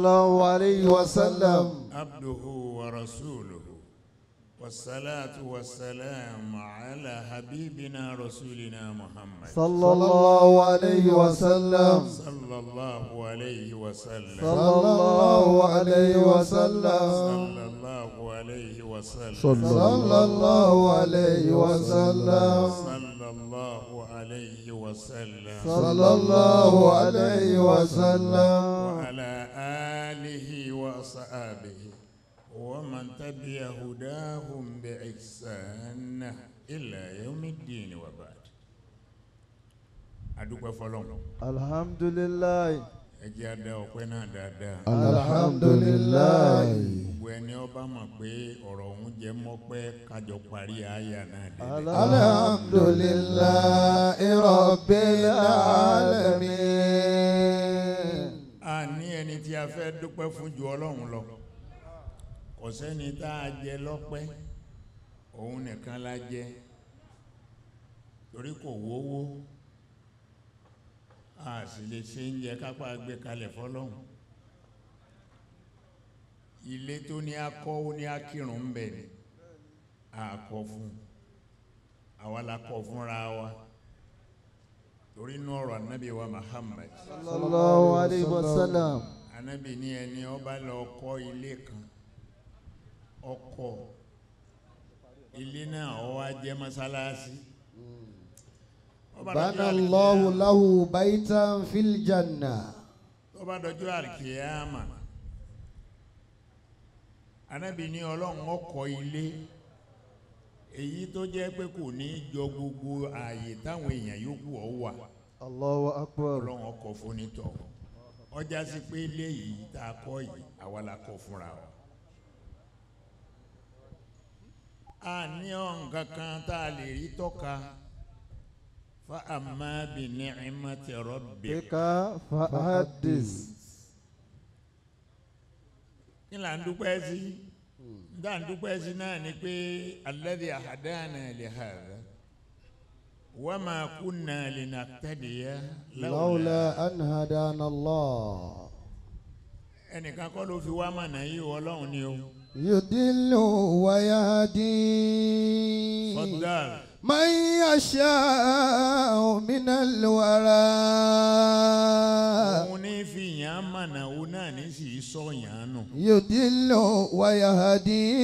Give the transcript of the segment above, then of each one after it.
الله عليه وسلم عبده ورسوله والصلاة والسلام على حبيبنا رسولنا محمد صلى الله عليه وسلم صلى الله عليه وسلم صلى الله عليه وسلم صلى الله عليه وسلم صلى الله عليه وسلم صلى الله عليه وسلم صلى الله عليه وسلم وعلى آله وأصحابه ومن تبع هداهم بإحسان إلى يوم الدين وبعد adúpẹ́ fọlọ́n. alhamdulilayi. ẹ jẹ́ adá ọpẹ́ náà dáadáa. alhamdulilayi. gbogbo ẹni ọba mọ̀ pé ọ̀rọ̀ òun jẹ́ mọ́pẹ́ kájọ parí àyà náà dé. alhamdulilayi rabbil alamin. a ní ẹni tí a fẹ́ dúpẹ́ fún ju ọlọ́run lọ kò sẹ́ni tá a jẹ lọ́pẹ́ òun nìkan la jẹ torí kò wówó a sì lè ṣe ń jẹ kápá gbé kalẹ̀ fọ́lọ́hun ilé tó ní akọ́ ó ní akírun ń bẹ̀ ni àkọ́ fún àwa la kọ́ fúnra wa torí inú ọ̀rọ̀ anábì wa Muhammad sallallahu alayhi wa sallam anábì ní ẹni ó lọ kọ́ ilé kan ọkọ ilé náà ó wá jẹ́ mọ́sálásí. bana Allahu lahu baitan fil janna. tó bá dọjọ́ àkìyàmà anábì ní ọlọ́run ọkọ̀ ilé èyí tó jẹ́ pé kò ní jọ gbogbo ààyè táwọn èèyàn yòókù ọ wà. Allahu akbar. ọlọ́run ọkọ̀ fúnitọ̀ ọjà sí pé ilé yìí tá a kọ́ yìí àwa la kọ́ fúnra wa. a ní ọ̀nkan kan tá a lè rí tọ́ka fa amma bi ni'mati rabbika fa hadis. kí là ń dúpẹ́ sí dá ń dúpẹ́ sí náà ni pé alladhi ahadana li hadha wa ma kunna linahtadiya lawla an hadana Allah. ẹnìkan kọ́ ló fi wá mọ̀nà yìí Ọlọ́run ni o. يضل ويهدي فضل من يشاء من الورى òun ní fi yàn án يضل ويهدي.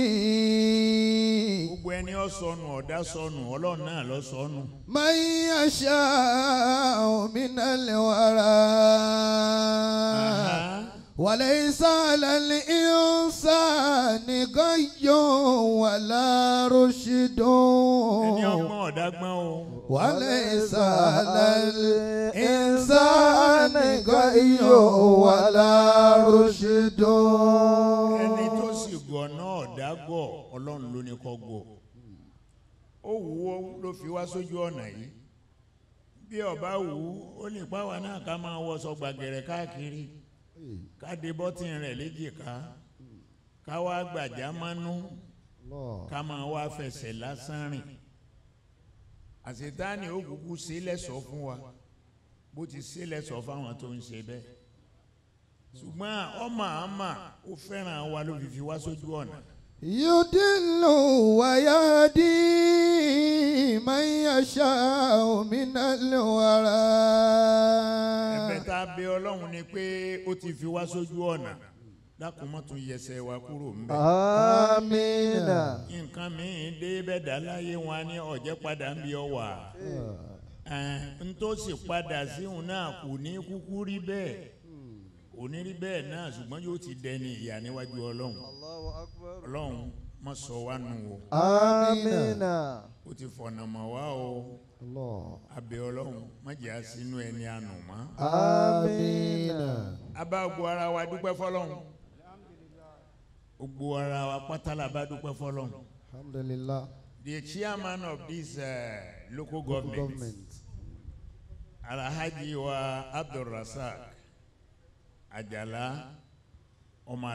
ẹni ó sọnù sọnù ọlọ́run náà ló sọnù. من يشاء من الورى. وليس على الإنسان غي ولا رشد وليس على الإنسان غي ولا رشد ẹni tó sì gọ̀ náà dágọ̀ ọlọ́run ló ní kó gọ̀ ó wù ó ló fi wá sójú ọ̀nà yìí bí ó bá wù ú ó lè pa wá náà ká máa wọṣọ gbàgẹ̀rẹ̀ káàkiri káde bọ́tìn rẹ̀ léjìká ká wá gbàjá mánú ká máa wá fẹsẹ̀ lásán rìn àṣetáni ó kúkú sílẹ̀ sọ fún wa bó ti sílẹ̀ sọ fáwọn tó ń ṣe bẹ́ẹ̀ ṣùgbọ́n ọmọ àmà ó fẹ́ràn wa ló fi fi wá sójú ọ̀nà يدل ويهدي من يشاء من الورى. ẹ̀bẹ̀ tá a Ọlọ́run ni pé ó ti fi wá sójú ọ̀nà dákun má tún yẹsẹ̀ kúrò ń bẹ̀. amiina. nǹkan dé ní ọ̀jẹ̀ bí ọ wà. pada ní onírí bẹ́ẹ̀ náà ṣùgbọ́n yóò ti dẹni ìyà níwájú ọlọ́run ọlọ́run má sọ wá nù o. amina. o ti fọ̀nà mọ̀ wá o. abẹ́ ọlọ́run má jẹ́ àsínú ẹni àná mọ́. amina. a ara wa dúpẹ́ fọlọ́run gbogbo ara wa pátálà bá dúpẹ́ fọlọ́run. the chairman of this uh, local, local government, government. alhaji wa abdulrasaq. ajala o ma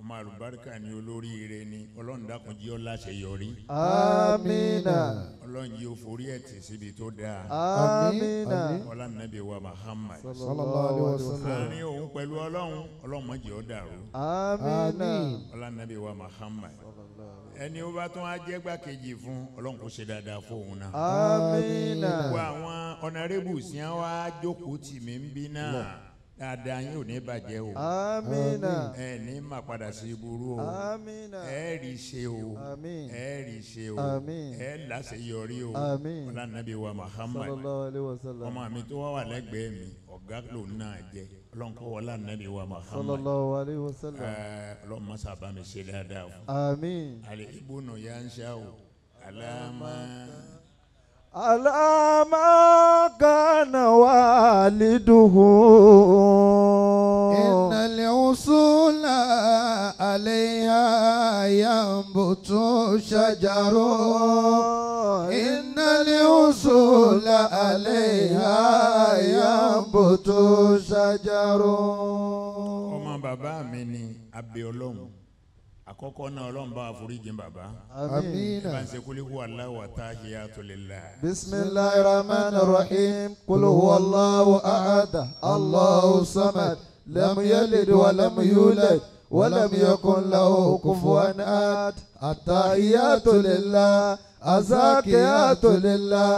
ọmọ àlùbáríkà ni olórí ire ni ọlọ́run dákun jí ọ láṣẹ yọrí. amina. ọlọ́run jí forí ẹ̀ tì síbi tó dáa. amina. ọlá nàbí wa Muhammad. sallallahu àárín òun pẹ̀lú ọlọ́run ọlọ́run má jẹ́ dàrú. amina. ọlá nàbí wa Muhammad. ẹni ó bá tún á jẹ́ gbàkejì fún ọlọ́run kó ṣe dáadáa fóun náà. amina. gbogbo àwọn ọ̀nàrẹ́bù sí wa jókòó tì mí ń bí náà dáadáa yín ò ní bàjẹ́ o. amina. ẹ ní má padà sí burú o. amina. ẹ rí ṣe o. amin. ẹ rí ṣe o. amin. ẹ láṣeyọrí o. amin. ọlá nàbí wa muhammad. sallallahu alayhi wa sallam. ọmọ mi tó wá wà lẹ́gbẹ̀ẹ́ mi ọ̀gá ló ń náà jẹ ọlọ́nkọ́ ọlá nàbí wa muhammad. sallallahu alayhi wa sallam. ẹẹ ọlọ́mọ sábà mi ṣe dáadáa o. amin. àlè ibùnú yá ń ṣá o. alámà. على ما كان والده إن الوصول عليها ينبت شجر إن الوصول عليها ينبت شجر ọmọ bàbá mi ni abẹ́ ọlọ́run àkọ́kọ́ náà ọlọ́run bá àforíjì bàbá. amiina ẹ bá ń ṣe kúlí hu Allahu wa tahiyatu lillah. bisimilahi rahman rahim kulu hu Allahu ahada Allahu samad lam yalid wa lam yulad wa lam yakun lahu kufuwan ahad atahiyatu lillah azakiyatu lillah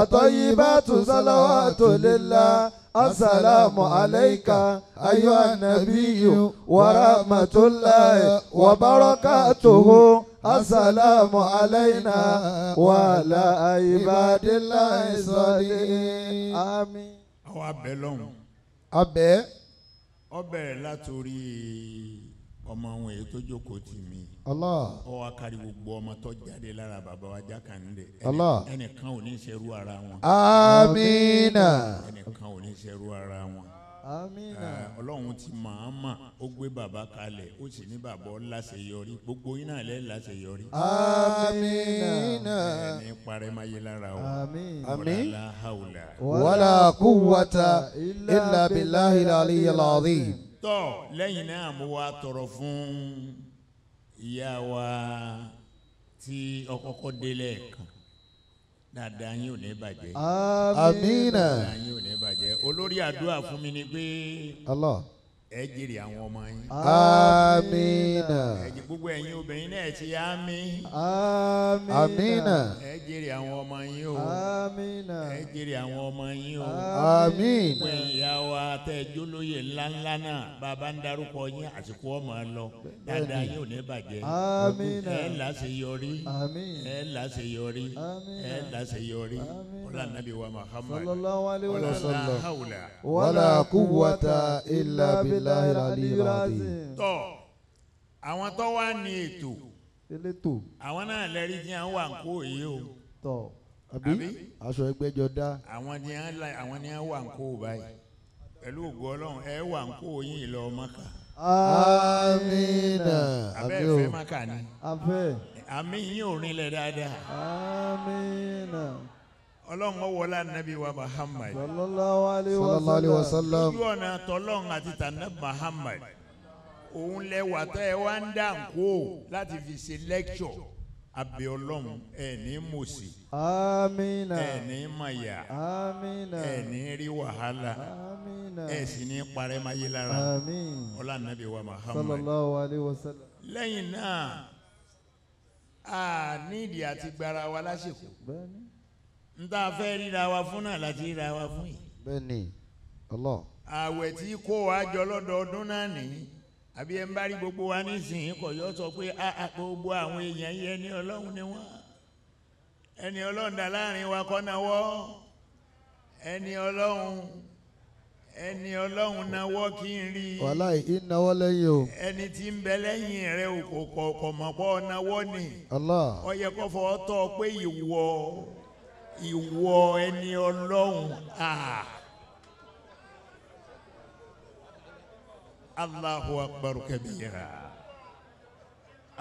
atayibatu salawatu lillah asalaamu alayka ayyuha nabiyyu wa rahmatulahi wa barakatuhu asalaamu alayna wa ala ibadillahi salihin. àmín. àwọn abẹ lọ́hùn. abẹ. ọbẹ̀ látòrí ọmọ àwọn èyí tó jókòó tì mí. Allah. ọ wa kari gbogbo ọmọ tó jáde lára bàbá wa Jákàndé. Allah. ẹnìkan ò ní ṣerú ara wọn. amiina. ẹnìkan ò ní ṣerú ara wọn. amiina. ọlọ́run ti màámà ó gbé bàbá kalẹ̀ ó sì ní bàbá láṣeyọrí gbogbo yín náà lẹ́ láṣeyọrí. amiina. ẹni parẹ́ máa yé lára o. wàlá hawla. wàlá kúwàtà illa billahi al-aliyyil tọ́ lẹ́yìn náà mo wá tọrọ fún ìyá wa tí ọkọ̀kọ̀ délẹ̀ kan dáadáa yín ò ní bàjẹ́. amiina. dáadáa yín ò ní bàjẹ́ olórí àdúrà fún mi ni pé. Allah ẹ jèrè àwọn ọmọ yín. amina. ẹ̀jẹ̀ gbogbo ẹ̀yin obìnrin náà ti yá mi. amina. ẹ jèrè àwọn ọmọ yín o. amina. ẹ jèrè àwọn ọmọ yín o. amina. gbogbo ìyá wa tẹ jólóye ńláńlá náà bàbá ń darúkọ yín àsìkò ọmọ lọ dáadáa yín ò ní bàjẹ́. amina. ẹ láṣẹ yọrí. amina. ẹ láṣẹ yọrí. amina. ẹ láṣẹ yọrí. ọlá nàbí wa Muhammad. sallallahu alaihi wa sallam. wàlá hawla. wàlá kúwàtà illa billah láhìlá àlíyìlá àdìyẹ. tọ àwọn tó wá ní ètò. elétò. àwọn náà lẹ́rí jẹ́ àwọn wà ń kó èyí o. tọ àbí aṣọ ẹgbẹ́jọ dá. àwọn ni àwọn ni wà ń kó báyìí pẹ̀lú ògùn ọlọ́run ẹ wà ń kó yín lọ Mákà. amina. abẹ́ ìfẹ́ Mákà ni. afẹ́. àmì yín ò rinlẹ̀ dáadáa. amina ọlọ́run ọwọ́lá Nabi wa muhammad sallallahu alayhi wa sallam ojú ọ̀nà tọ́lọ́run àti tànàbí muhammad òun lẹ́wà tẹ́ ẹ wá ń dà ń kó láti fi ṣe lecture abẹ ọlọ́run ẹ ní mòsì amina ẹ ní màyà ẹ ní rí wàhálà ẹ sì ní parẹ́ máyé lára àmín ọlá wa muhammad sallallahu alayhi wa sallam lẹ́yìn náà a nídìí àti gbara wa lásìkò. n fẹ́ ríra wa fún náà láti ríra wa fún yìí. bẹ́ẹ̀ni ọlọ. Àwẹ̀ tí kò wá jọ lọ́dọọdún náà nìyí àbí ẹ ń bá rí gbogbo wa nísìnyí kò yọ sọ pé ah, ah, gbogbo àwọn èèyàn yìí ẹni ọlọ́run ni wọ́n ẹni ọlọ́run dà láàrin wa kọ́ náwọ́ ẹni ọlọ́run ẹni ọlọ́run náwọ́ kí n rí i. wàláì ìnáwó lẹ́yìn o. ẹni tí ń bẹ lẹ́yìn rẹ̀ kò kọ̀ mọ̀ pọ̀ náwọ́ ni. Allah. ó yẹ fọ́ tọ́ pé ìwọ. ìwọ ẹni ọlọ́run ah. Allahu akbar kabira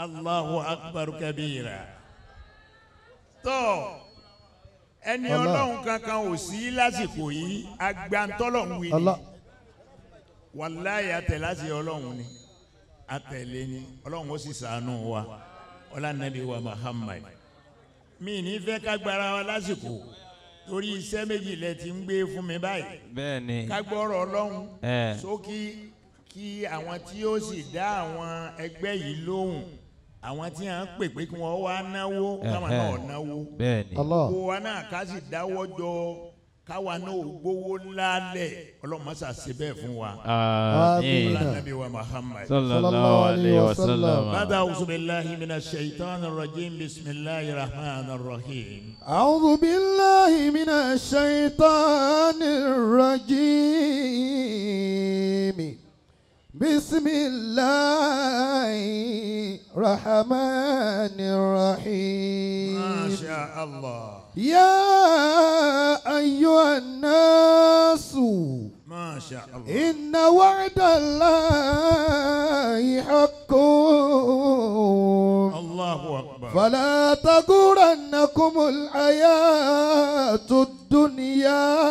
Allahu akbar kabira tó ẹni ọlọ́run kankan ò sí lásìkò yìí agbantọ́lọ́hún wí ni wàláyé àtẹ̀lé àti ọlọ́run ni àtẹ̀lé ni ọlọ́run ó sì sàánú wa ọlá nàbí wa Muhammad mi ní fẹ́ ká gbára wa lásìkò torí iṣẹ́ méjì lẹ ti ń gbé fún mi báyìí. bẹ́ẹ̀ni ká gbọ́rọ̀ ọlọ́run sókí kí àwọn tí ó sì dá àwọn ẹgbẹ́ yìí lóhùn àwọn tí à ń pè pé kí wọ́n wá náwó káwọn náà náwó. bẹ́ẹ̀ni wa náà ká sì dáwọ́ jọ káwa náà ò gbowó ńlá lẹ̀ ọlọ́mọṣà ṣe bẹ́ẹ̀ fún wa. àmín alanabi wa muhammad. sallallahu alayhi wa sallam. bàbá awusubilahi mina shaitan rajim bisimilahi rahman rahim. awusubilahi mina shaitan rajim bisimilahi rahman rahim. masha allah. يا أيها الناس ما شاء الله إن وعد الله حق الله أكبر فلا تغرنكم الحياة الدنيا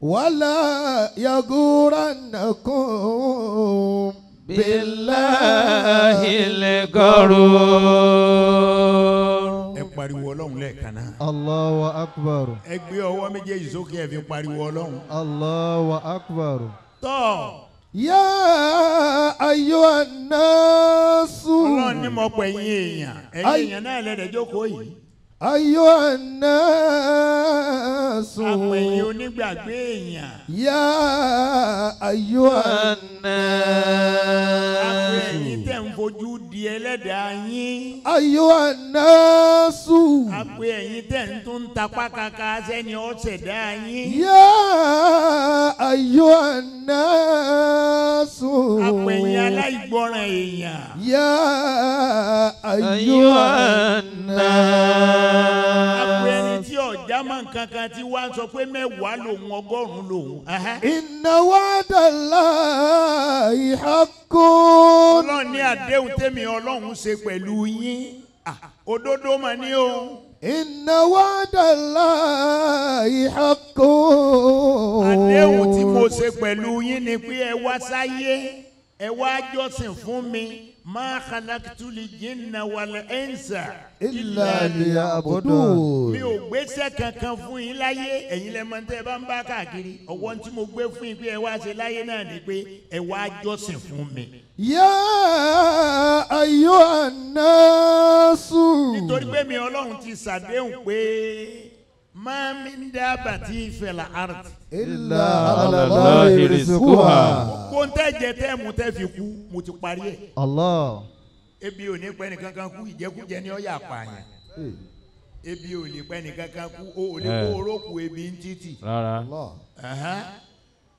ولا يغرنكم بالله الغرور pariwo ọlọ́run lẹ́ẹ̀kan náà. Allahu akbar. ẹ ọwọ́ méjèèjì sókè ẹ fi pariwo ọlọ́run. Allahu akbar. tọ́. yá ayo náà sùn. ọlọ́run ni mo pè yín èèyàn ẹ̀yin èèyàn náà lẹ́dẹ̀ẹ́jókòó yìí. Ayọ̀ ànásù. Àpẹ̀yìn onígbàgbé èèyàn. Yá ayọ̀ ànásù. Àpẹ̀yìn tẹ̀ ń fojú di ẹlẹ́dàá yín. Ayọ̀ ànásù. Àpẹ̀yìn tẹ̀ ń tún tapá kaka sẹ́ni ọ̀sẹ̀dá yín. Yá ayọ̀ ànásù. Àpẹ̀yìn aláìgbọràn èèyàn. Yá ayọ̀ ànásù àpò ẹni tí ọ̀já mọ̀ nkankan tí wá sọ pé mẹ́wàá lòun ọgọ́rùn-ún lòun. inna wa'dallahi haqqun. ọlọ́run ní àdéhùn tèmi ọlọ́run ṣe pẹ̀lú yín òdodo mà ní o. inna wa'dallahi haqqun. àdéhùn tí mo ṣe pẹ̀lú yín ni pé ẹ wá sáyé ẹ wá jọ́sìn fún mi ma khalaqtu li jinna wal insa. illa liya'budun. mi ò gbéṣẹ́ kankan fún yín láyé ẹ̀yin lẹ́mọ tẹ́ ẹ bá ń bá káàkiri ọwọ́ tí mo gbé fún yín pé ẹ wá ṣe láyé náà ni pé ẹ wá jọ́sìn fún mi. ya ayyuhan nasu. nítorí pé mi ọlọ́run ti ṣàdéhùn ما من دابة في الأرض إلا على الله رزقها kò ń tẹ́ jẹ tẹ́ mu tẹ́ fi kú mo ti parí ẹ̀. Allah. ebi ò ní pẹ́ nìkan kan kú ìjẹkújẹ ni ó yà pààyàn ebi ò lè pẹ́ nìkan kan kú o ò lè eh. kó orókù ebi ń títì. rárá.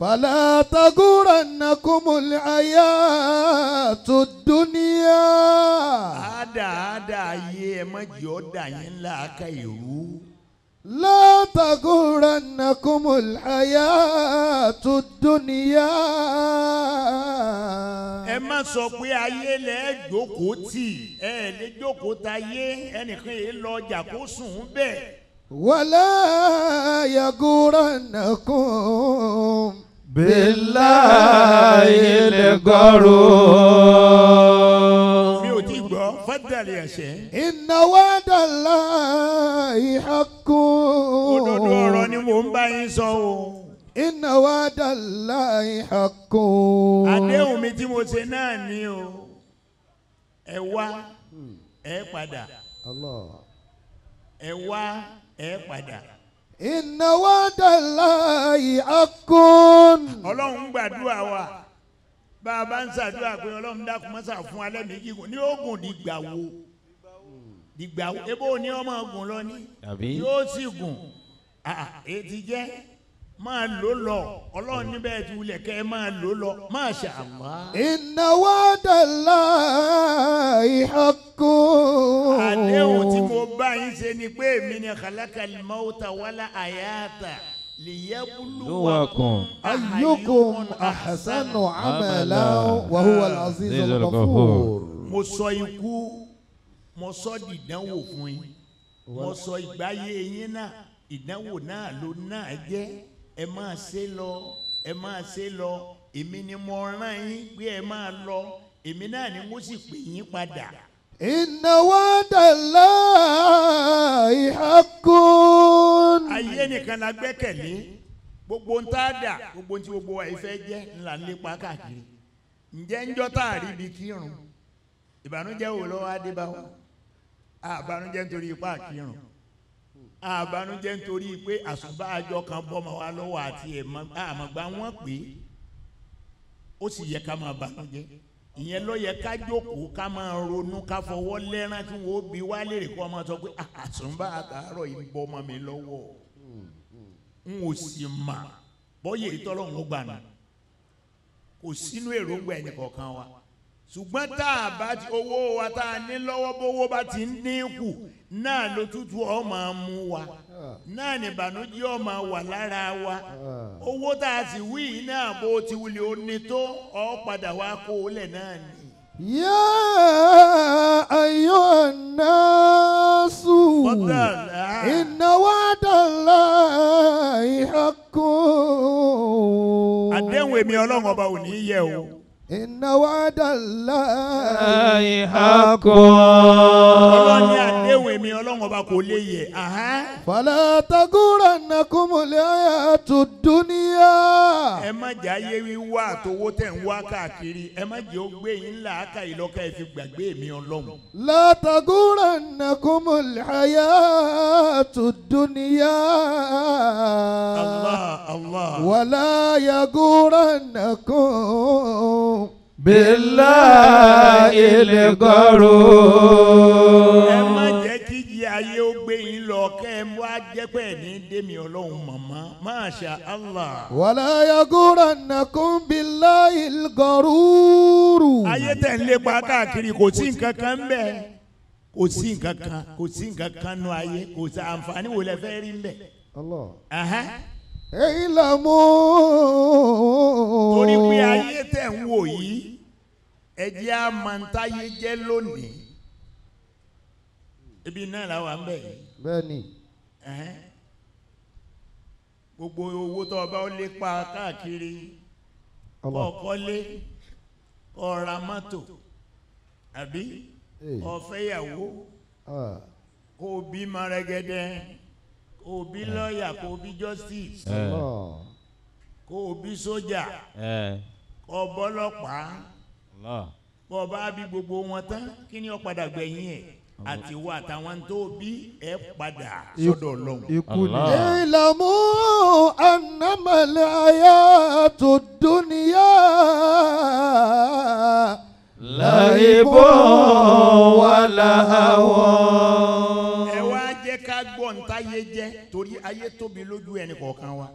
فلا تغرنكم الحياة الدنيا ada ada ayé ẹ má jẹ́ ó dà yín láàka ìrú. لا تغرنكم الحياة الدنيا. ẹ má sọ pé ayé lẹ jókòó tì ẹ lè jókòó tayé ẹnìkan yìí lọ ولا يغرنكم بالله الغرور إن وعد الله حق òdodo ọ̀rọ̀ ni mò ń bá sọ o. Inna wa'da Allahi mo o. Ẹ padà. ẹ padà. ìnáwó dàlá ìhàkùn. ọlọ́run gbàdúrà wa bá a bá ń ṣàdúrà pé ọlọ́run dákun mọ́sà fún alẹ́ méjì kù ní oògùn dìgbà wo dìgbà wo ebó ni ọmọ ogun lọ ní yóò sì gùn ètí jẹ́ máa lò lọ ọlọ́run níbẹ̀ ti wulẹ̀ kẹ́ máa lò lọ Masha Allah. Inna wa'da Allahi haqqun. àdéhùn tí mo bá yín ṣe ni pé èmi ni khalaqal mawta wala hayata liyabluwakum ayyukum ahsanu amala wa huwa al-azizul ghafur. mo sọ ikú mo sọ dìdánwò fún yín mo sọ ìgbáyé yín náà ìdánwò náà ló náà jẹ́. ẹ máa ṣe lọ ẹ máa ṣe lọ èmi ni mo rán yín bí ẹ máa lọ èmi náà ni mo sì pè yín padà. Inna wa'dallahi haqqun. ayé nìkan la gbogbo ń gbogbo ń gbogbo wa yìí jẹ́ ńlá nípa káàkiri ǹjẹ́ tá a rí ibi kírun ìbànújẹ́ àbánújẹ́ nítorí pé àsùbá àjọ kan bọ́ ma wá lọ́wọ́ àti àmọ̀gbá wọn pé ó sì yẹ ká máa bànújẹ́ ìyẹn ló yẹ ká jókòó ká máa ronú ká fọwọ́ lẹ́rán tí wọ́n bí wá lérè kó ọmọ sọ pé ah, àsùnbà àtàárọ̀ yìí bọ́ ọmọ mi lọ́wọ́ n ò sì mà bọ́yè ìtọ́lọ́hún ó gbà nù kò sínú èròǹgbà ẹnì kọ̀ọ̀kan wa ṣùgbọ́n tá a bá ti owó wa tá a ní lọ́wọ́ bówó bá ti ń dín kù náà ló tútù ọ máa mú wa ah. náà ní ìbànújẹ́ wà lára wa ah. owó tá a sì wí náà bó ti wulẹ̀ ó ní tó ọ padà wá kó o lẹ̀ náà ni. يا أيها الناس إن وعد الله àdéhùn èmi ọlọ́run ọba ò ní yẹ o. Inna wa'da Allahi haqqun. Ọlọ́run ní àdéhùn mi ọlọ́run ọba kò lè yẹ̀. Fala taghurrannakumul hayatud dunya. Ẹ má jẹ́ ayé wíwá àtowó tẹ̀ ń wá káàkiri. Ẹ má jẹ́ ó gbé yín làákà ìlọ́ka ẹ fi gbàgbé mi ọlọ́run. La taghurrannakumul hayatud dunya. Allah Allah. Wala yaghurrannakum bílá ilé kọ́rọ̀. ẹ má jẹ́ kí ìyá ayé ó gbé yín lọ kẹ́ ẹ wá jẹ́ ní dèmi ọlọ́run màmá masha Allah. wàlá yagúra nàkún bílá ilé kọ́rọ̀. ayé tẹ̀ ń lépa káàkiri kò sí nǹkan kan bẹ́ẹ̀ kò sí nǹkan kan kò sí nǹkan kan nù ayé kò sí àǹfààní wo lẹ fẹ́ rí mbẹ́. Allah. Aha èyí là mú. torí pé ayé tẹ̀ ń wò yìí ẹ jẹ́ amantaye jẹ́ lónìí ibi náà la wà ń bẹ̀ yìí. bẹ́ẹ̀ni. gbogbo owó tó o bá lè pa káàkiri kọ́ kọ́lé kọ́ ra mọ́tò àbí kọ́ fẹ́yàwó ah. kó o bí mọ́rẹ́gẹ́dẹ́ kó o bí eh. lọ́ọ̀yà kó o bí justice eh. kó o bí sójà eh. kó o bọ́lọ́pàá bọ́ ọ bá bí gbogbo wọn tán kí ni ó padà gbẹ̀yìn ẹ̀ àti wà táwọn tó bí ẹ padà sọ́dọ̀ Ọlọ́run. ikú ni. ìlàmú anamọ̀lẹ́ ayé tó dúnìyà. láìbọ̀ wà láwọ̀. ẹ wá jẹ́ ká gbọ́ ntáyé jẹ́ torí ayé tóbi lójú ẹnì kọ̀ọ̀kan wa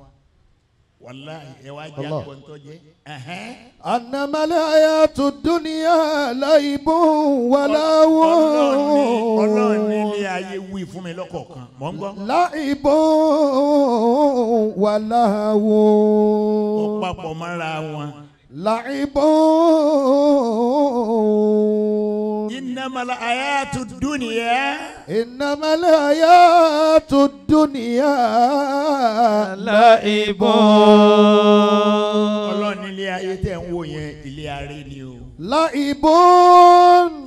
wàláhì ẹ wá jẹ àgbọ̀ntọ́ jẹ. ànàmálẹ̀ àyà tó dúnìyà láìbò wàláwọ̀. ọlọ́run ni ni ayé wí fún mi lọ́kọ̀ọ̀kan mọ̀ ń gbọ́. láìbò wàláwọ̀. ó papọ̀ mọ́ra wọn. láìbò. ìnàmálẹ̀ àyà tó dúnìyà. إنما الحياة الدنيا لعب. ọlọ́run ilé ayé tẹ̀ ń wò yẹn ilé aré ni o. لعب.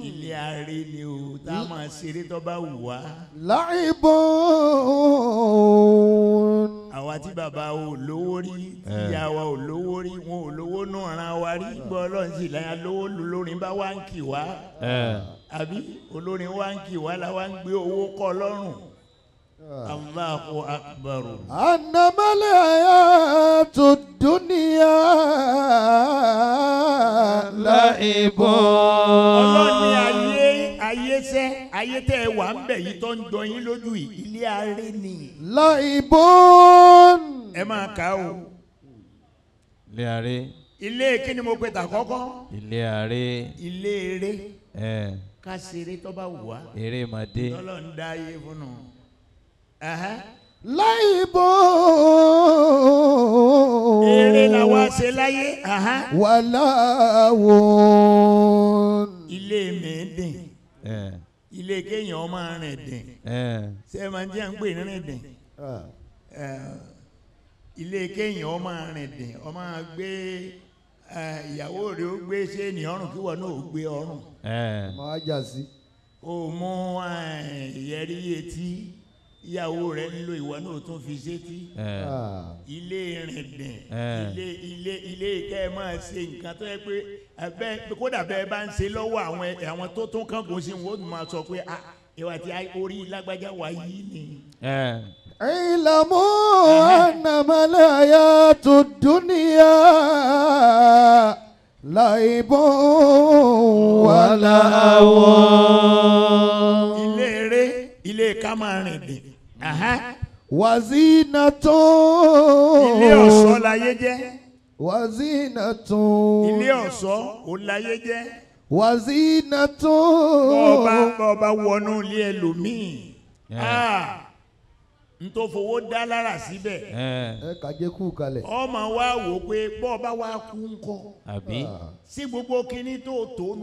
ilé aré ni o tá a máa ṣeré tó bá wù wá. لعب àwa tí bàbá wa ò lówó rí eh. ìyá wa ò lówó rí wọn ò lówó náà ran wa rí gbọ́ ọlọ́run sì láyà lówó lórin bá wá ń kì wá eh. àbí olórin wá ń kì wá la wá ń gbé owó kọ́ lọ́rùn. Ah. Allahu akbar. Annamal hayatu dunya la Ọlọ́run ni ayé ayé sẹ́ ayé tẹ́ ẹ wà ń bẹ̀ yìí tó ń jọ yín lójú yìí ilé aré ni. lọ ìbọn. ẹ máa kà á o. ilé aré. ilé kí ni mo pe tà kọ́kọ́. ilé aré. ilé eré. ẹ. ká ṣeré tó bá wù wá. eré màdé. lọ́lọ́ ń dá ayé fún lọ ìbọn. eré la wá ṣe láyé. wàhálà ilé mi dín ilé kéèyàn ọmọ rìn dìn eh. ṣé máa jẹ́ ń pè ní rìn dìn ah. eh, ilé kéèyàn ọmọ rìn dìn ọmọ gbé eh, ìyàwó rẹ̀ ó gbé ṣé ní ọrùn kí wọn náà ó gbé ọrùn. ọmọ ajá sí. o mú ìyẹ́rí etí ìyàwó rẹ̀ ń lo ìwọ náà tún fi sétí ilé rìndìn ilé ilé ilé kẹ́ ẹ máa ṣe nǹkan tó yẹ pé abẹ́ kódà bẹ́ẹ̀ bá ń ṣe lọ́wọ́ àwọn àwọn tó tún kàn kó sí wọn ó máa sọ pé ah, ìwà tí orí lágbájá wà yìí ni. اعلموا أنما الحياة الدنيا لعب ولهو. ilé eré ilé ká máa rìn dìn wàzínà tó. ilé la, láyé jẹ́. wàzínà tó. ilé ọ̀ṣọ́ ò láyé jẹ́. wàzínà tó. bọ́ọ̀bá bọ́ọ̀bá wọnú ilé ah, n tó fowó dá lára síbẹ̀. ẹ kàjé kú wa pé bọ́ọ̀bá wa ah. gbogbo to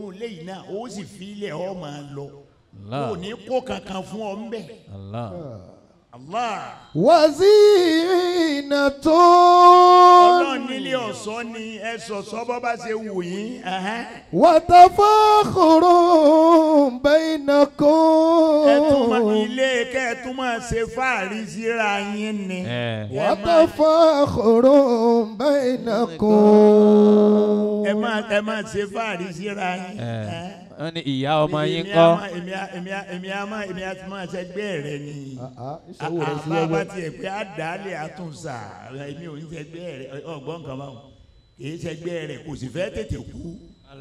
lọ. O ni kankan ọ Allah. wazina to ọlọ́run nílé ọ̀ṣọ́ ni ẹ ṣọ̀ṣọ́ bọ́ bá ṣe wù yín. watafakhurun bainakum. ẹ tún mọ ilé kẹ́ ẹ tún máa ṣe fáàrí síra yín ni. watafakhurun bainakum. ẹ máa ṣe fáàrí síra yín wọ́n ní ìyá ọmọ yín kọ́. èmi á èmi á èmi á máa èmi á ti máa ṣẹgbẹ́ rẹ ni. Ah, ah, ìṣòwò rẹ sí ẹgbẹ́. àbá tiẹ̀ pé àdáálẹ̀ àtúnṣà èmi ò ń ṣẹgbẹ́ rẹ ọgbọ́n kan báwọn kì í ṣẹgbẹ́ rẹ kò sì fẹ́ tètè kú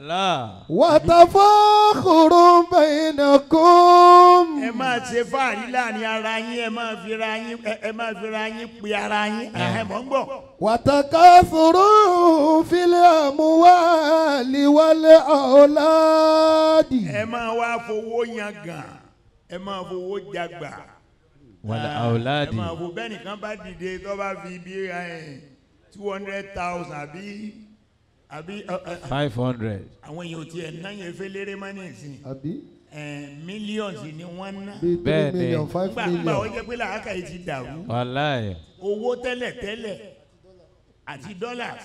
wàtàfàkùrù bainakum. ẹ máa ṣe fàárí láàrin ara yín ẹ máa fira yín ẹ máa fira yín pe ara yín àhẹmọ́ ń bọ̀. wàtàkàfùrù fil amwali wal auladi. ẹ máa wá fowó yan gan ẹ máa fowó jagbà. wal auladi. ẹ máa fowó bẹ́ẹ̀ nìkan bá dìde tó bá fi bí two hundred thousand bí àbí. five hundred. àwọn èèyàn ò tiẹ̀ náà yẹn fẹ́ léré mọ́ ní ìsìn. àbí. millions ni wọ́n ná. bíi three million five million. gbàgbà ó jẹ́ pé làákà yìí ti dàrú. wàláyé. owó tẹ́lẹ̀ tẹ́lẹ̀ àti dollars.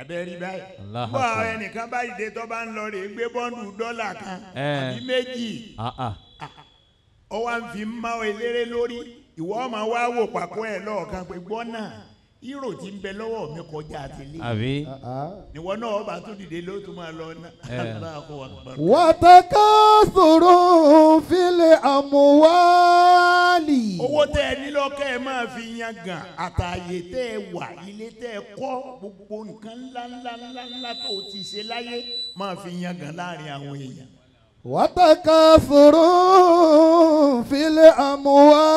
abẹ́rí báyìí. wọ́n ẹnìkan báyìí dé tó bá ń lọ rè é gbé bọ́ǹdù dọ́là kan àbí méjì. ọwọ́ ah, ah. à ń fi máa eléré lórí ìwọ ọmọ wa wò pàkó ẹ̀ lọ́ọ̀kan pé gbọ́ náà ìrò tí ń bẹ lọ́wọ́ mi kọjá àtìlẹ́. àbí. níwọ uh-huh. náà ọba tún dìde ló tún máa lọ náà. wàtàkà sòrò fílẹ̀ àmúwálì. owó tẹ ẹ nílò kẹ ẹ máa fi yan gan àtàyè tẹ ẹ wà ilé tẹ ẹ kọ́ gbogbo nǹkan ńláńláńláńlá tó ti ṣe láyé máa fi yan gan láàrin àwọn èèyàn. wàtàkà sòrò fílẹ̀ àmúwálì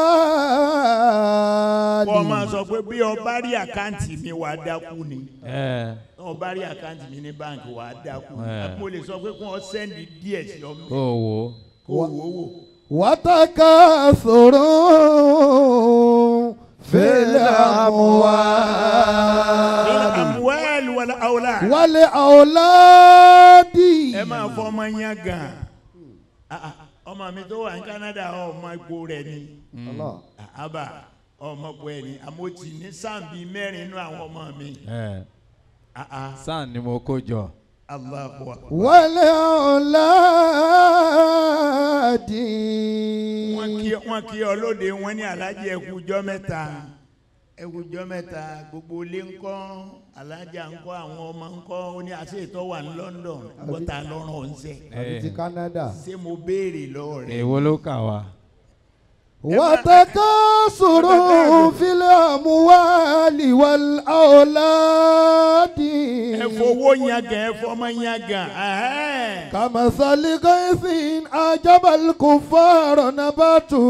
pé bí ọba rí àkáǹtì mi wà á dákú ni ọba rí àkáǹtì mi ní báǹkì wà á dákú ni mo lè sọ pé kí wọ́n sẹ́ndì díẹ̀ sí ọmọ mi kó wò ó wò. wàtàkà sòrò fẹlẹ àmúwá. àmúwẹ́ẹ̀lì wàlẹ̀ àwòlá. wàlẹ̀ àwòlá dì. ẹ máa fọ ọmọ yẹn gan ah, ah, ọmọ mi tó wà ní Canada ọmọ ipò rẹ ni. àbá ọmọkùn ẹ̀ ni àmọ́ ti ní sáà bíi mẹ́rin inú àwọn ọmọ mi. Ah, ah. sáà ni mo kó jọ. Wálé ọ̀làdì. Wọ́n kí ọlọ́dẹ wọn ní alájẹ ẹ̀kújọ́ mẹ́ta. Ẹ̀kújọ́ mẹ́ta gbogbo ilé ń alájà ń àwọn ọmọ ń ó ní àṣẹ ìtọ́ wà ní London gbọ́ta lọ́rùn ọ̀nṣẹ́. Àbí ti Canada. Ṣé mo béèrè lọ́wọ́ rẹ̀? Èwo ló kà wá? وتكاثر في الأموال والأولاد كمثل غيث أعجب الكفار نباته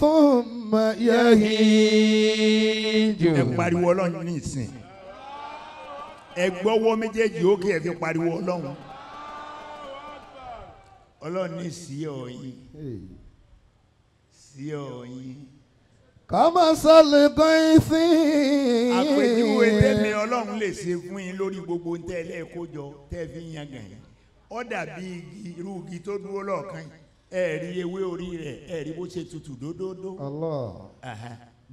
ثم يهيج pariwo Ọlọ́run ní ìsìn ẹ gbọ́wọ́ méjèèjì òkè ẹ fi pariwo Ọlọ́run Ọlọ́run ní ìsìn ọ sí ọ̀yin. kàmá sálẹ̀ gan sí. àpèjúwe tẹ́mi ọlọ́run lè ṣe fún yín lórí gbogbo tẹ́ ẹ lẹ́ẹ̀kọ́jọ tẹ́ fi ń yan gàn yín ó dàbí irú igi tó dúró lọ́ọ̀kan yìí ẹ rí ewé orí rẹ̀ ẹ rí bó ṣe tutù dódódó.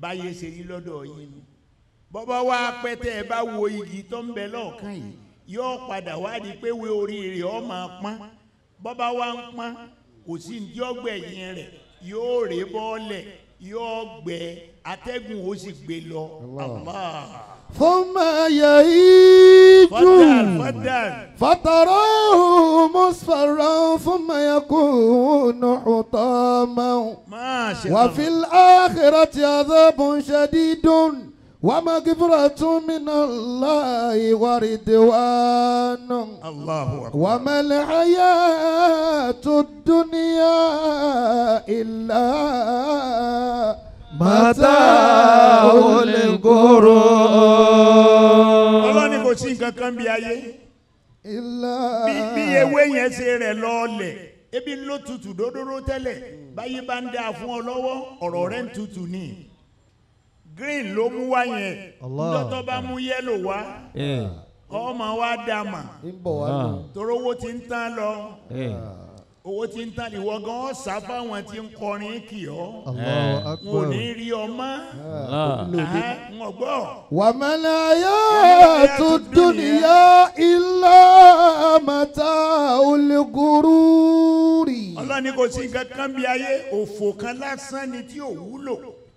báyé ṣe yí lọ́dọ̀ yín ni bọ́bá wá pẹ́ ẹ bá wo igi tó ń bẹ lọ́ọ̀kan yìí yóò padà wá di pé ewé orí rẹ̀ ó máa pọ́n bọ́bá wá ń pọ́n kò sí ní ọgbẹ̀yìn rẹ̀ yóò rè bọ́ọ̀lẹ̀ yóò gbẹ atẹ́gùn ó sì gbé lọ. Fọ́nmà yẹ ìjù. Fàtàrà ọ̀hún Mùsùlùmí fọ́nmà yẹ kó nù ọ̀tọ̀ mọ́. Wàfíl àkìrà tí a zọ́ bùn ṣe dídùn. ومغفرة من الله ورضوان الله أكبر وما الحياة الدنيا إلا متاع الغرور ọlọ́run ni kò sí nǹkan kan bí ayé bí ewé yẹn ṣe rẹ̀ lọ́ọ̀lẹ̀ ebi ló tutù dódóró tẹ́lẹ̀ báyìí bá ń dáa fún ọ lọ́wọ́ ọ̀rọ̀ rẹ̀ ń tutù ni green ló mú wá yẹn lọ́tọ́ bá mú yellow wá eh. ọmọ wa dà mà ah. tóró owó ti ń tán lọ eh. owó ti ń tán ìwọ gan ọ̀sà fáwọn tí ń kọrin kì ọ́ eh. wò ní rí ọmọ wọn ah, ah. gbọ́. wàmẹ́lẹ̀ ayé tún dúnìyá ilé mẹ́ta olùkúrú rí. ọlọ́ni kò sí nǹkan kan bí ayé òfò kan lásán ni tí ò wúlò.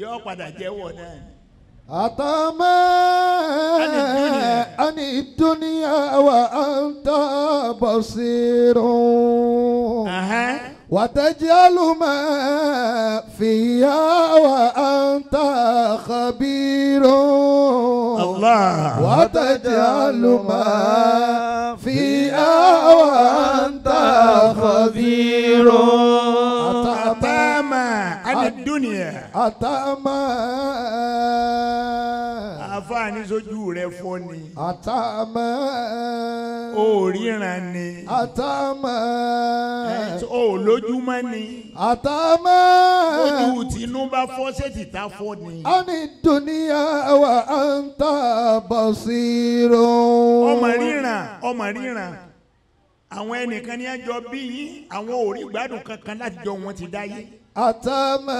yóò padà jẹ́wọ́ náà. Atama ani duniya wa anta basirun. وتجعل ما فيها وأنت خبير الله وتجعل ما فيها وأنت خبير ani dunuya. àtàmà. àfààní sojú rẹ fọ́ ni. àtàmà. òríran ni. àtàmà. ò lójúmọ́ ni. àtàmà. ojú tìǹbà fọ́ sẹ́tì tá fọ́ ni. ani dunia wa anta basiro. ọmọ ríran ọmọ ríran àwọn ẹnìkan ní ẹjọ́ bí yín àwọn ò rí ìgbádùn kankan láti jọ wọn ti dáyé. àtàmà.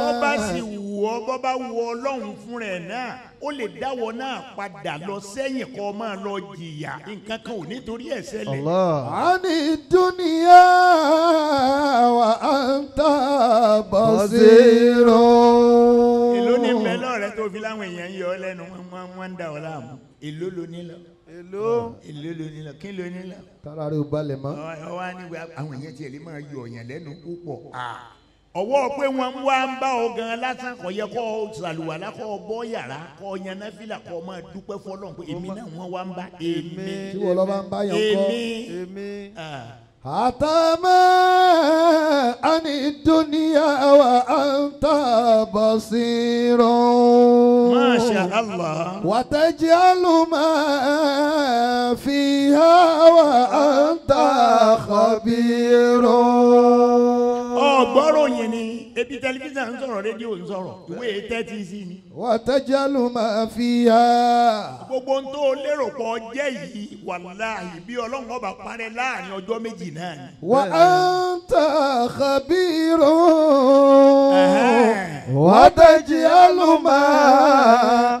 bó bá sì wù ọ́ bó bá wù ọ́ lọ́hùn fún rẹ̀ náà ó lè dáwọ́ náà padà lọ sẹ́yìn kó máa lọ jìyà nǹkan kan ò nítorí ẹ̀ ṣẹlẹ̀. a ní dúníyà wa anta basiro. èló ní bẹ́ẹ̀ lọ́rẹ́ tó fi láwọn èèyàn yọ ọ lẹ́nu wọn ń dà ọ láàmú èló ló ní lọ èló. èló ló nílò kí ló nílò. tara rẹ ò balẹ̀ mọ́. ọ wá ní àwọn èèyàn tiẹ̀ lè máa yọ ọ̀yàn lẹ́nu púpọ̀. ọwọ́ pé wọ́n wá ń bá ọ gan lásán kò yẹ kó ṣàlùwàlá kó bọ́ yàrá kó yan náfìlà kó dúpẹ́ fọlọ́n pé èmi náà wọ́n wá ń bá èmi. tí wọ́n lọ bá ń bá yàn kọ́ èmi. àtàmà àní dúníyà wà á ń tà sí i. وتجعل ما فيها وأنت خبير ọgbọ́rọ̀ yẹn ni ebi tẹlifíṣàn ń sọ̀rọ̀ rédíò ń sọ̀rọ̀ ìwé tẹ́tí sí ni. wàtẹ́jálù máa fi ha. gbogbo ń tó lérò pọ̀ jẹ́ yìí wàláhì bí ọlọ́run ọba parẹ́ láàrin ọjọ́ méjì náà ni. wà á ta àkàbírò. wàtẹ́jálù máa.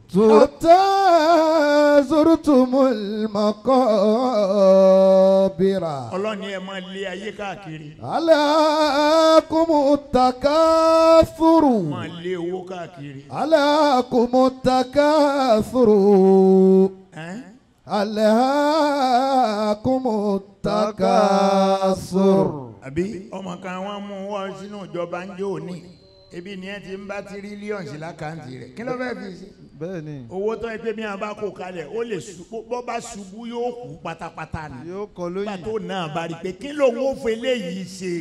حتى زرتم المقابر ọlọ́ni ẹ máa lé ayé káàkiri. alákùmù takasuru. máa lé owó káàkiri. alákùmù takasuru. alákùmù takasuru. àbí ọmọ kan wọn mú wọn sínú ìjọba ń jó òní ebi ni ẹ ti ń bá tírílíọ̀nù sí lákàntì rẹ̀ kí ló fẹ́ fi ṣe bẹ́ẹ̀ni. owó tó ń pè mí àbá kó kalẹ̀ ó lè bọ́ bá ṣubú yóò kú pátápátá ni. yóò kọ lóyìn. nígbà tó náà bá pé kí ló ń wọ́n fún eléyìí ṣe.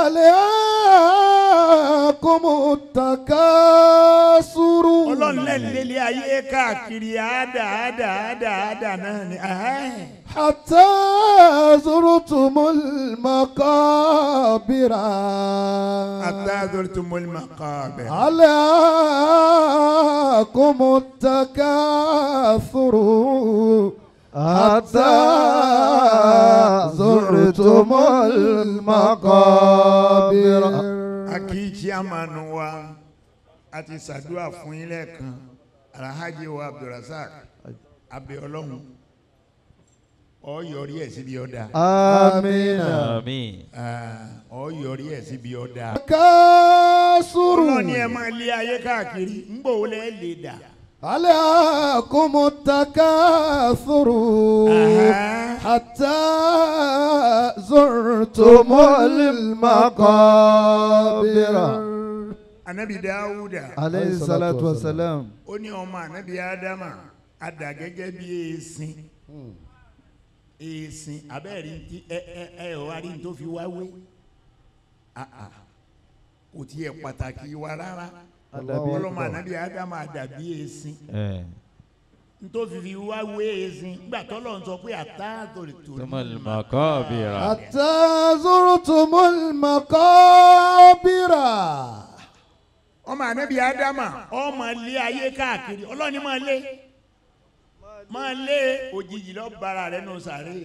àlẹ́ àkómọ tàkà sùúrù. ọlọ́run lẹ́nu lélẹ̀ ayé káàkiri àádà àádà àádà àádà náà ni. حتى زرتم المقابر حتى زرتم المقابر عليكم التكاثر حتى زرتم المقابر akíyí amánu wa a ti ṣàdúrà fún yín lẹ́ẹ̀kan alhaji wa abdulrasaq abiyọlọ́hún ọ yọrí ẹ síbi ọdá. amina. àmín. ọ yọrí ẹ síbi ọdá. kásùrù. ọlọ́run ni ẹ máa lé ayé káàkiri ń bò ó lẹ́ lè dà. alẹ́ kùmù taka sùrù. hatta zurtumul maqabira. anabi dawuda. aleyhi salatu wa salam. ó ní ọmọ anabi adama adagẹ́gẹ́ bíi esin. Hmm èsìn abẹ́rẹ́ ti ẹ ẹ ẹ ọ̀wá rí tó fi wá wé àà kò tiẹ̀ pàtàkì wa rárá ọlọ́mọ ànábì ádámù àdàbí èsìn ntòfi fi wá wé èsìn gbà tọ́lọ̀ ń sọ pé àtàzòrò tó ní màkọ́bìrà. àtàzòrò tó mọ́ màkọ́bìrà. ọmọ ànábì ádámù ọmọ ilé ayé káàkiri ọlọ́ni máa lé máa lé òjijì lọ bara rẹ nù sàré.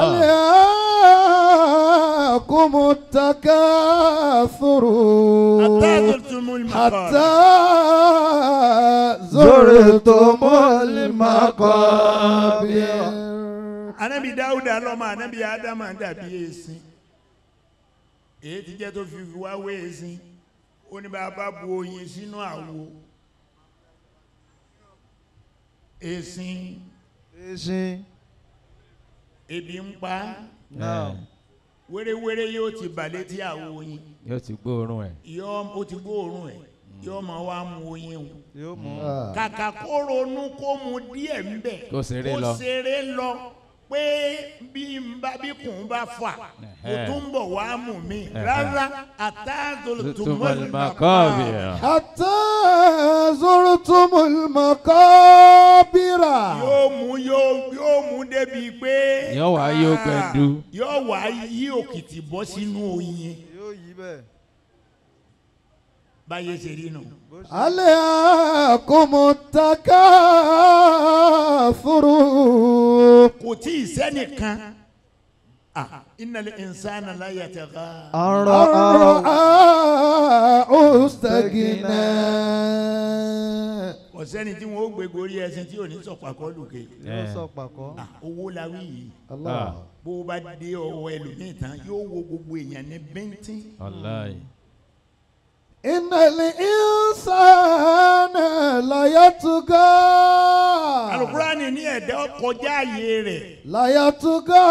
alẹ́ kùmù taka sòrò. ata zòrìtùmù lima kọ́. lima kọ́ bí. anabi dawuda lọ́mọ anabi adama dàbí èsì èyí ti jẹ́ tó fi wá wé ó ní bá a bá bu oyin sínú àwo esin. esin. ebi ń pa. wérewére yóò ti balẹ̀ tí a wo yin. yóò ti gbóòórùn ẹ̀. yóò ó ti gbóòórùn ẹ̀ yóò máa wá mu oyin o. Ah. kàkà kó ronú kó mu díẹ̀ ń bẹ̀. kó ṣeré lọ pé bí n bá bí kùn bá fà kò tún bọ̀ wá mú mi rárá àtàzòlùtùmọ̀lì màkàbíra. àtàzòlùtùmọ̀lì màkàbíra. yóò mú yóò mú débi pé. yóò wá yóò gbẹdú. yóò wá yí òkìtì bọ́ sínú oyin. yóò yí bẹ́ẹ̀ báyé ṣe rí nù. alẹ́ àkómọ́tàkà fúru. kò tí ì sẹ́nìkan. إن الإنسان لا يتغى أرآه استغنى ọ̀sẹ́ni tí wọ́n ó gbé gorí ẹṣin tí ò ní sọ̀pàkọ́ lùkè. owó la wí yìí bó bá dé ọwọ́ ẹlòmíì yóò wo gbogbo èèyàn ní bíntín. In the inside, ìnàlẹ̀ ìsànà láyàtúgà. alukurani ní ẹ̀dá ọkọjá ààyè rẹ̀. láyàtúgà.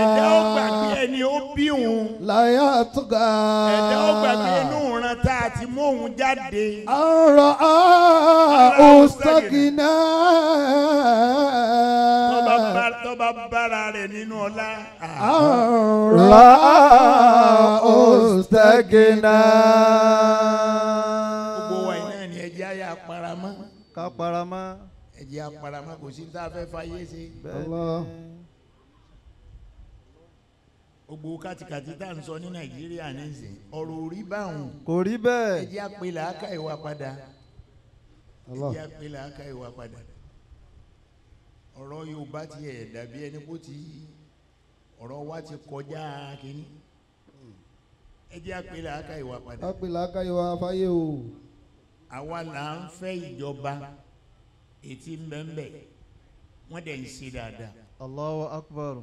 ẹ̀dá ọgbà pé ẹni ó bí òun. láyàtúgà. ẹ̀dá ọgbà pé inú ìran tá a ti mú òun jáde. ọ̀rọ̀ ọ̀sọ́gìnà. tọ́ba bára rẹ̀ nínú ọlá. ọ̀rọ̀ ọ̀sọ́gìnà gbogbo wa yìí náà ni ẹ jẹ́ àyà àparamọ́. ká paramọ́. ẹ jẹ́ àparamọ́ kò sí ní tá a fẹ́ fàyè ṣe. gbogbo kàtìkàtì tá à ń sọ ní nàìjíríà nísìnyí ọ̀rọ̀ ò rí báwọn. kò rí bẹ́ẹ̀. ẹ jẹ́ àpè làákà ìwà padà. ẹ jẹ́ àpè làákà ìwà padà. ọ̀rọ̀ Yorùbá ti ẹ̀ dàbí ẹni kó ti ọ̀rọ̀ wa ti kọjá kínní ẹ jẹ́ àpèlè àáká ìwà padà. àpèlè àáká ìwà afáyé o. àwa là ń fẹ́ ìjọba ètí mbẹ́mbẹ́ wọ́n dẹ̀ ń ṣe dáadáa. Allahu akbar.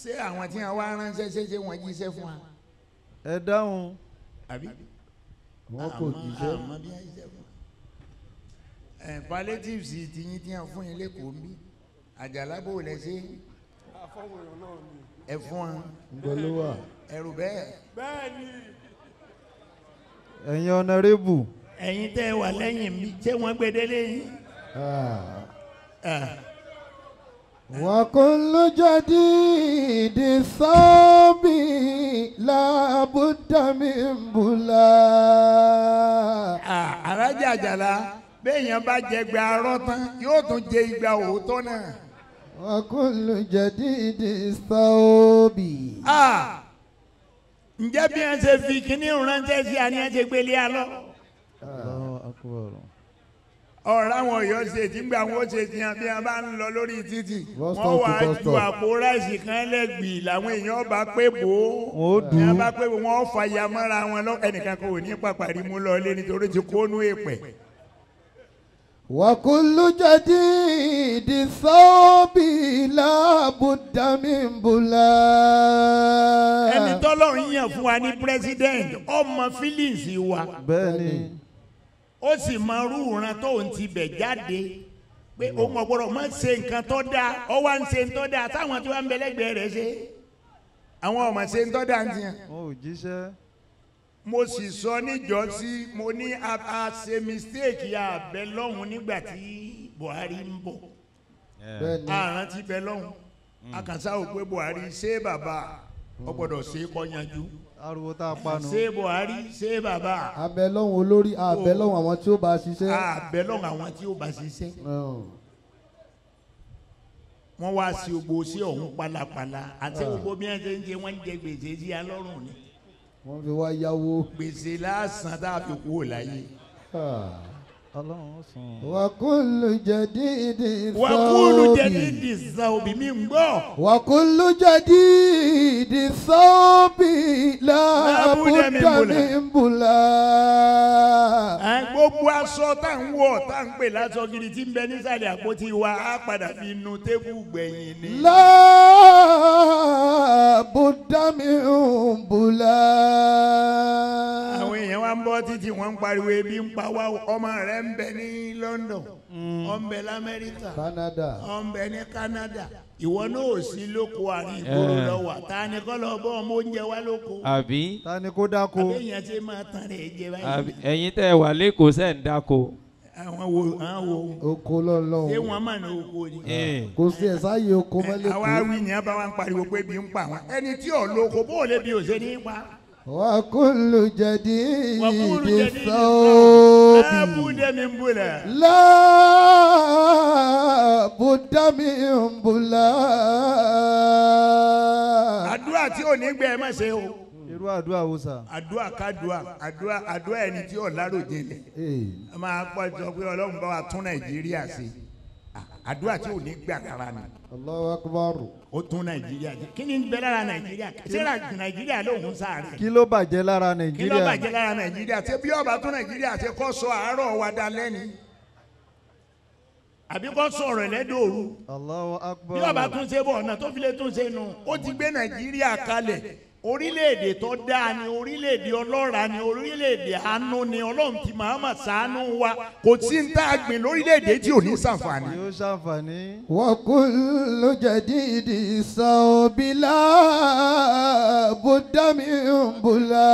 ṣé àwọn tí wọn wá ránṣẹ́ ṣe ṣe wọ́n jíṣẹ́ fún wa. ẹ dáhùn. àbí. wọn kò jíṣẹ́. àmọ́ bí wọ́n jíṣẹ́ fún wa. ẹ palliatives ti yín tí wọn fún yín lẹ́kọ̀ọ́ mi àjàlábò lẹ́sẹ̀. ẹ fún wa. ń gbọ́ ẹ̀rù bẹ́ẹ̀. bẹ́ẹ̀ni. ẹ̀yin ọ̀nàrẹ́bù. ẹ̀yin tẹ́ ẹ wà lẹ́yìn mi ṣé wọ́n gbẹdẹ́lé yín. وكل جديد صابي لابد من بلا. àràjà àjàlá béèyàn bá jẹ gba arọ tán yóò tún jẹ ìgbà òótọ́ náà. وكل جديد صابي ǹjẹ́ bí wọ́n ṣe fi kíní ránṣẹ́ sí àní ẹ̀ ṣe gbélé alọ́. ọ̀rọ̀ àwọn ọ̀yọ́ ṣe tí gbà wọ́n ṣe ti hàn bí wọ́n bá ń lọ lórí títì wọ́n wà ju àpò ráìsì kan lẹ́gbìí làwọn èèyàn bá pé bò ó wọ́n bá pé wọ́n fàyà mọ́ra wọn lọ ẹnìkan kò ní pàpàrí mú lọ lé nítorí ti kónú èèpẹ̀. وكل جديد ثوب لا بد من بلا. ẹni tọ́lọ́run yàn fún wa ní president ọmọ feelings wa. bẹ́ẹ̀ni. ó sì máa rú ìran tó ń tibẹ̀ jáde pé òun ọ̀gbọ́dọ̀ máa ṣe nǹkan tó dáa ó wá ń ṣe tó dáa táwọn tí wọ́n ń bẹ lẹ́gbẹ̀ẹ́ rẹ̀ ṣe àwọn ọmọ ṣe tó dáa ń tiẹ̀ mo sì sọ níjọ́sí mo ní a mistake ya abẹ lọ́hùn nígbà tí Buhari ń bọ̀ àrùn ti bẹ lọ́hùn hmm. akànṣá ò pé Buhari ṣé bàbá ọ gbọ́dọ̀ ṣe é kọ́yanjú ariwo tá a panu. ṣé buhari ṣé bàbá. abẹ́lọ́hún olórí abẹ́lọ́hún àwọn tí ó bá ṣiṣẹ́. abẹ́lọ́hún àwọn tí ó bá ṣiṣẹ́. wọ́n wá sí gbogbo sí ọ̀hún pálapàla àti ah. gbogbo bí ṣe ń ṣe wọ́n jẹ gbèsè sí alọ́rùn ni wọ́n fi wá yáwó. gbèsè lásán tá a fi kúrò láyé. Wakulu jadidi sawbi. Wakulu jadidi sawbi mi ń gbọ́. Wakulu jadidi sawbi laabuda mi bula aṣọ tá à ń wọ̀ tá à ń pè lásọ gidi tí ń bẹ nísàlẹ̀ àpótí wa á padà fi nu tébù gbẹ̀yìn ni. láàbùdámì ń bùlá. àwọn èèyàn wa ń bọ́ títí wọ́n ń pariwo ebi ń pa wá ọmọ rẹ̀ ń bẹ ní London ó hmm. ń bẹ lamẹ́ríkà ó ń bẹ ní Canada ìwọ náà ò sí lóko àrùn ìgboro lọ́wọ́ ta ni kọ́ lọ bọ́ ọmọ oúnjẹ wa lóko. àbí ta ni kó dáko. àbí èèyàn ti máa tán rẹ̀ jẹ báyìí. ẹ̀yin tẹ́ wà lẹ́kọ̀ọ́ sẹ́ ń dáko. àwọn wo àwọn wo. oko lọ́lọ́ o. ṣé wọ́n mà ní oko ni. kò sí ẹ̀ sáyé oko mọ́lẹ́kọ̀ọ́. àwa wí ni a bá wa ń pariwo pé bí ń pa wọn ẹni tí ò lóko bó o lè bí o ṣe ní pa. وكل جديد, جديد ثوب لا بد من بلا لا بد من بلا àdúrà tí ò ní gbẹ ẹ má ṣe o. irú àdúrà wo sà. àdúrà kàdúrà àdúrà àdúrà ẹni tí ò láròjinlẹ̀. a máa pọ̀ jọ pé ọlọ́run bá wa tún nàìjíríà ṣe àdúrà tí ò ní gbà kára ni. Allahu Akbar ó tún nàìjíríà jẹ kí ni ń bẹ lára nàìjíríà ṣé nàìjíríà lóhùn sáré. kí ló bàjẹ́ lára nàìjíríà. kí ló bàjẹ́ lára nàìjíríà ṣé bí ọba tún nàìjíríà ṣe kọ́ sọ àárọ̀ wa dalẹ́ ni àbí kò sọ̀rọ̀ ẹlẹ́dẹ̀ òru Allahu Akbar bí ọba tún ṣe bọ̀ ọ̀nà tó fi lè tún ṣe nu ó ti gbé nàìjíríà kalẹ̀ orílẹ̀-èdè tó dáa ni orílẹ̀-èdè ọlọ́ra ni orílẹ̀-èdè àánú ni ọlọ́run ti mahama ṣàánú wa kò tí ń tá a gbìn lórílẹ̀-èdè tí ò ní ṣàǹfààní. yóò ṣàǹfààní. wa kullu jadidi sàbílà bùdámì bùlà.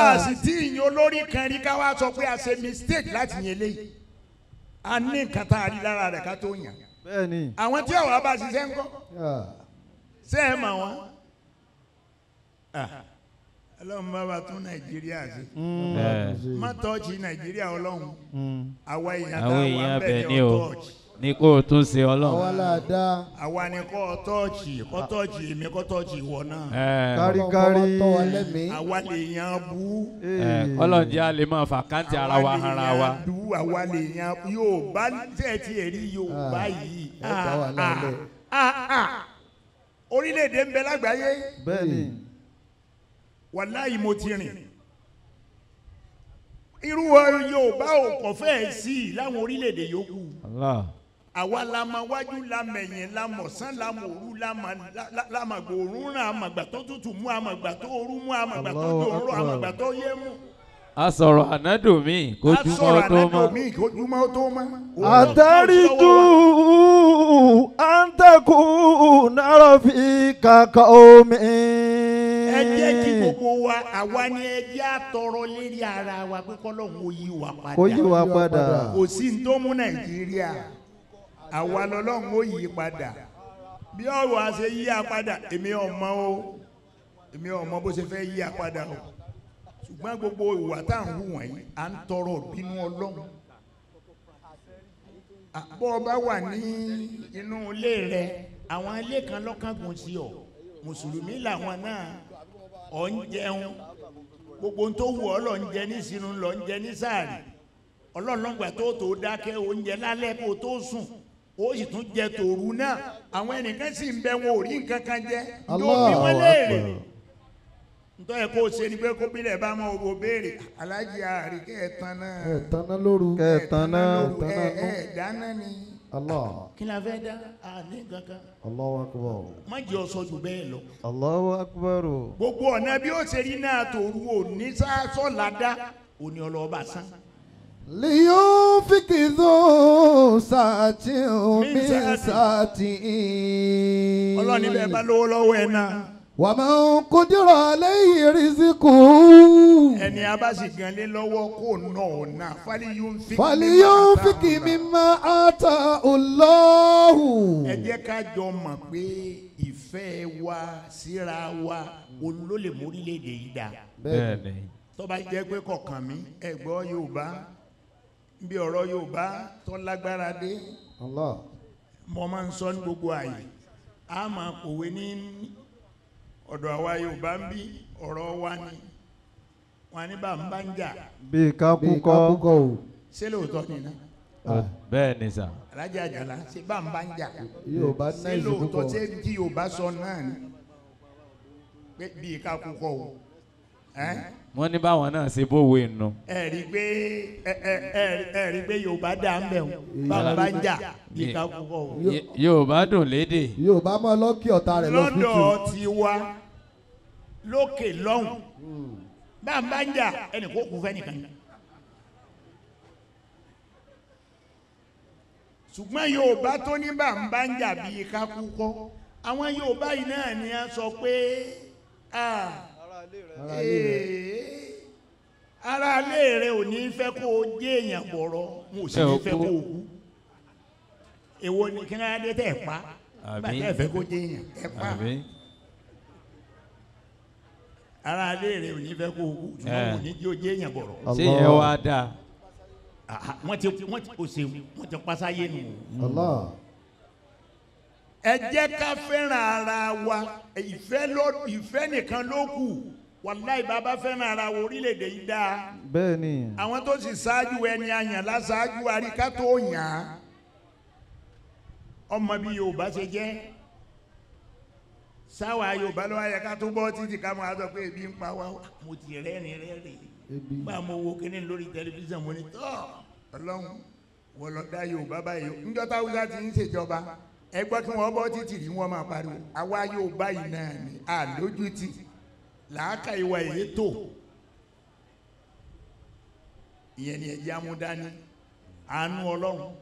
a sì tí ìyẹn olórí kan rí ká sọ pé a ṣe mistake láti yẹn léyìí a ní nǹkan tá a rí lára rẹ̀ ká tó yàn. bẹ́ẹ̀ni. àwọn tí àwọn abá ṣiṣẹ́ ń kọ́. ṣé ẹ mà wọ́n. ọlọ́run bá tún nàìjíríà ṣe. má tọ́ọ̀ṣì nàìjíríà ọlọ́run. Hmm. àwa èèyàn tá a wà bẹ́ẹ̀ ni ọ̀tọ́ọ̀ṣì ni kò tún ṣe ọlọ́run. àwa la dá. àwa ni kò tọ́ọ̀jì kò tọ́ọ̀jì mi kò tọ́ọ̀jì ìwọ náà. káríkárí àwa lè yan bú. ọlọ́run jẹ́ àlè máa fà káńtì ara wa ara wa. àwa lè yan bú yóò bá tẹ̀ tiẹ̀ rí yóò bá ah. yìí. Ah, ah, orílẹ̀-èdè ń bẹ lágbàáyé. bẹ́ẹ̀ni. wàláyé mo ti rìn irú Yorùbá ò kọ̀ fẹ́ẹ̀ sí i láwọn orílẹ̀-èdè yòókù. Allah àwa la ma wájú la mẹ̀yìn la mọ̀sán la mòru la ma la ma gbòòrú ràn àmàgbà tó tutù mú àmàgbà tó ooru mú àmàgbà tó dòòrò àmàgbà tó yé mú. a sọ̀rọ̀ ànádò mi kójúmọ́ tó mọ́. àtàríjú àǹtẹ̀kù nárọ̀ fi kàkà omi. ẹ jẹ́ kí gbogbo wa àwa ni ẹ jẹ́ àtọrọ lérí ara wa pé kọ́lọ́hún ó yí wa padà kò sí ní tó mú nàìjíríà àwa lọ́lọ́run ó yí padà bí ọ̀rọ̀ àṣẹ yí apadà èmi ọmọ o èmi ọmọ bó ṣe fẹ́ yí apadà o ṣùgbọ́n gbogbo ìwà tá à ń hù wọ̀nyí à ń tọrọ bínú ọlọ́run bó o bá wà ní inú ilé rẹ àwọn ilé kan lọ́kàngùn sí ọ mùsùlùmí làwọn náà ọ̀ ń jẹun gbogbo tó wù ọ́ lọ ń jẹ ní sínú lọ ń jẹ ní sáàrì ọlọ́run lọ́gbà tó tó dákẹ́ oúnjẹ lálẹ́ kó tó sùn ó sì tún jẹ tòru náà àwọn ẹnìkan sì ń bẹ wọn ò rí nǹkan kan jẹ yóò bí wọn léèrè ntọ́ ẹ̀ kó o ṣe ni pé kó bílẹ̀ bá mọ owó béèrè alájí àárí kẹ́ ẹ̀ tán náà ẹ̀ tán náà lóru ẹ̀ tán náà ẹ̀ ẹ̀ dáná ni kí la fẹ́ dá àní kankan. akbar. má jẹ́ ọ̀sọ́ jù bẹ́ẹ̀ lọ. gbogbo ọ̀nà bí ó ṣe rí náà tòru ò ní sáà sọ́ọ̀lá òní ọlọ́ọ̀bà sán. lè yóò fi kì í zó sàtì omi sàtì. ọlọ́ni bẹ́ẹ̀ bá lówó lọ́wọ́ ẹ̀ náà. wà á máa ń kúndìrọ̀ lẹ́yìn rìsíkù. ẹni a bá sì gan lé lọ́wọ́ kó nà ọ̀ náà fàlíyún fìkì mi máa àtà ọlọ́hù. ẹ jẹ́ ká jọ mọ̀ pé ìfẹ́ wa síra wa olólè mórílẹ̀-èdè yìí dà. bẹ́ẹ̀ ni. tó jẹ́ pé kọ̀ọ̀kan mi ẹ̀gbọ́ Yorùbá bí ọ̀rọ̀ Yorùbá tó lágbára dé Allah mo máa ń sọ ní gbogbo àyè a máa kòwé ní ọ̀dọ̀ àwa Yorùbá ń bí ọ̀rọ̀ wa ni wọn ní bá ń bá ń jà. bí kakúkọ o. ṣé lóòótọ́ ni ná. Ah. Ah, bẹ́ẹ̀ ni sà. alájà àjàlá ṣé bá ń bá ń jà. Yorùbá náà ìsìnkú kọ. ṣé lóòótọ́ ṣé tí Yorùbá sọ náà ni. bí kakúkọ o. Eh? wọ́n ní báwọn náà ṣe bówe nù. ẹ rí i pé ẹ rí i pé yorùbá dà ń bẹ̀ wọ́n báwọn bá ń jà ìka púpọ̀ o. yorùbá dùn léde. yorùbá mọ lọ́kì ọ̀tá rẹ̀ lọ tútù. lọ́dọ̀ ti wa lókè lọ́hùn bá ń bá ń jà ẹnì kó kú fẹ́ nìkan. ṣùgbọ́n yorùbá tó ní bá bá ń jà bí ìka púpọ̀ àwọn yorùbá yìí náà ni a sọ pé. Ah, ara eh. ilé rẹ ò ní fẹ́ kó o jẹ́ èèyàn bọ̀rọ̀ mo sì ní fẹ́ kó o kú èwo ni kí náà dé tẹ̀ ẹ̀ pa bàtẹ́ ẹ̀ fẹ́ kó jẹ́ èèyàn ẹ̀ pa ara ilé rẹ ò ní fẹ́ kó o kú ṣùgbọ́n mo eh. ní jẹ́ o jẹ́ èèyàn bọ̀rọ̀. ṣé ìyẹn wá dáa. Ah, ah, wọ́n ti wọ́n ti pàṣẹ wọ́n ti pàṣẹ ayé nù. Allah. ẹ jẹ́ ká fẹ́ràn ara wa ìfẹ́ nìkan ló kù wàláì bàbá fẹ́ràn ara wa orílẹ̀-èdè yìí àwọn tó sì ṣáájú ẹni àyàn láṣáájú àríká tó yàn án ọmọ bí yorùbá ṣe jẹ́ sáwà yorùbá ló wá yẹ ká tó bọ́ títí ká pé ebi ti rẹ́rìn rẹ́rìn bá mo wo kíní lórí tẹlifíṣàn mo ẹ gbọ́ kí wọ́n bọ́ títì kí wọ́n máa pariwo àwa yóò báyìí náà ní àlójútì làákà ìwà ètò ìyẹn ni ẹ̀jẹ̀ amúdání àánú ọlọ́run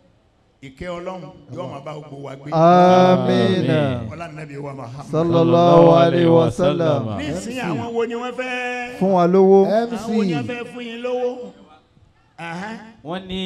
ìkẹ́ ọlọ́run yóò máa bá gbogbo wa gbé. amiina ọlànàbí wa Muhammad. alayhi wa sallam. nísìnyí àwọn wo ni wọ́n fẹ́. fún wa lówó. àwọn wo ni wọ́n fẹ́ fún yín lówó. wọ́n ní.